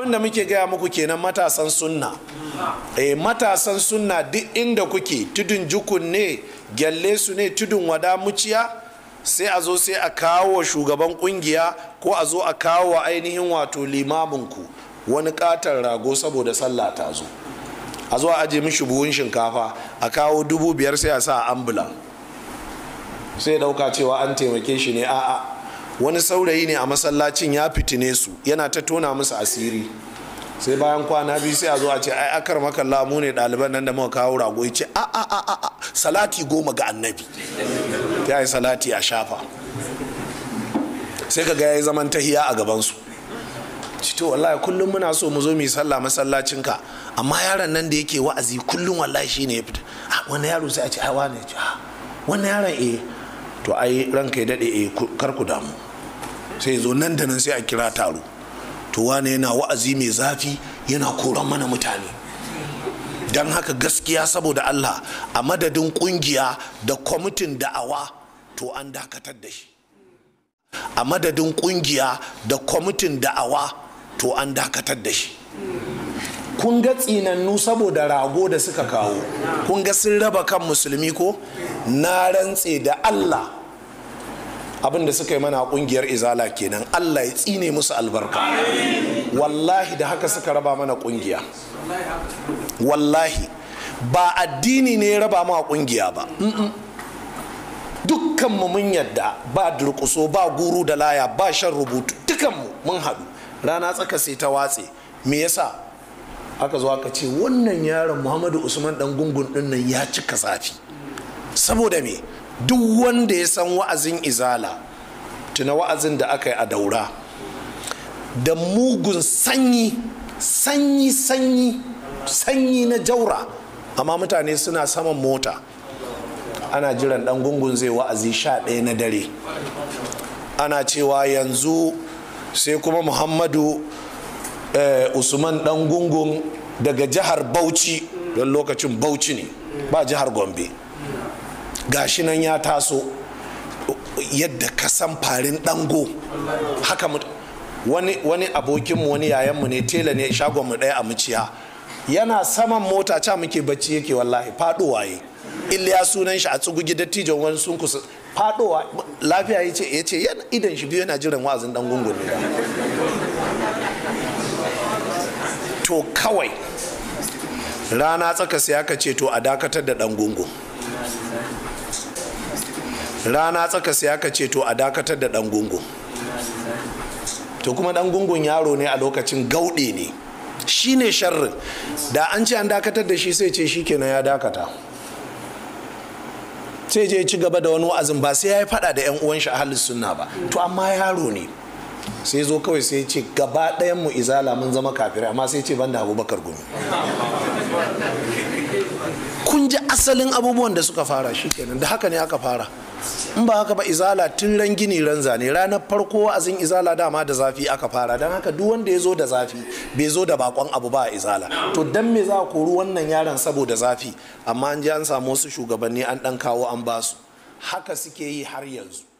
abin da muke gaya muku kenan matasan sunna eh matasan sunna duk inda kuke tudun jukun ne gyalle su ne tudun wada muciya sai a zo sai a kawo wa shugaban kungiya ko a zo a kawo wa ainihin wato limaminku wani katar rago saboda sallah ta zo a zo a aje mishi buhun shinkafa a kawo dubu biyar sai a sa ambulan. sai dauka cewa an taimake shi ne a'a wani saurayi ne a masallacin ya fitine su yana ta tona musu asiri sai bayan kwana biyu sai a zo a ce ai akar makalla mu ne ɗaliban nan da muka kawo rago ya ce a a a a salati goma ga annabi ya yi salati a shafa sai ka ga ya yi zaman tahiya a gabansu ci to wallahi kullum muna so mu zo mu sallah masallacin ka amma yaron nan da yake wa'azi kullum wallahi shine ya fita a ah, wannan yaro sai a ce ai wane ce ah, wannan yaron eh to ai ranka ya daɗe eh, kar ku damu sai zo nan da nan sai a kira taro to wane yana wa'azi mai zafi yana koran mana mutane don haka gaskiya saboda Allah a madadin kungiya da kwamitin da'awa to an dakatar da shi a madadin kungiya da kwamitin da'awa to an dakatar da shi kun ga tsinannu saboda rago da suka kawo kun ga sun raba kan musulmi ko na rantse da Allah abin da suka yi mana kungiyar izala kenan allah ya tsine musu albarka wallahi da haka suka raba mana kungiya wallahi ba addini ne ya raba mana kungiya ba dukkanmu mun yadda ba durkuso ba guru da laya ba shan rubutu dukanmu mun haɗu rana tsaka sai ta watse me yasa aka zo aka ce wannan yaron muhammadu usman dan gungun ɗinnan ya cika zafi saboda me duk wanda ya san wa'azin izala tuna wa'azin da aka yi a daura da mugun sanyi sanyi sanyi sanyi na jaura amma mutane suna saman mota ana jiran dan gungun zai wa'azi sha ɗaya na dare ana cewa yanzu sai kuma muhammadu eh, usman dan gungun daga jihar bauchi don lokacin bauchi ne ba jihar gombe gashi nan ya taso yadda ka san farin dango haka wani wani abokinmu wani yayanmu ne tela ne shagonmu ɗaya a muciya yana saman mota ca muke bacci yake wallahi faɗowa yi iliya sunan shi a tsugugi dattijon wani sun kusa faɗowa lafiya ya ce ya idan shi biyu yana jiran wa'azin dan gungun to kawai rana tsaka sai aka ce to a dakatar da dan gungun rana tsaka sai aka ce to a dakatar da dan gungun to kuma dan gungun yaro ne a lokacin gauɗe ne shi ne sharrin da an ce an dakatar da shi sai ce shi kenan ya dakata sai je ci gaba da wani wa'azin ba sai ya yi fada da yan uwan shi halin sunna ba to amma yaro ne sai zo kawai sai ce gaba ɗayan mu izala mun zama kafirai amma sai ce banda abubakar gumi kun ji asalin abubuwan da suka fara shi kenan da haka ne aka fara in ba haka ba izala tun ran gini ran zane ranar farko wa'azin izala dama da zafi aka fara don haka duk wanda ya zo da zafi bai zo da bakon abu ba a izala to dan me za a kori wannan yaron saboda zafi amma an ji an samu wasu shugabanni an dan kawo an basu haka suke yi har yanzu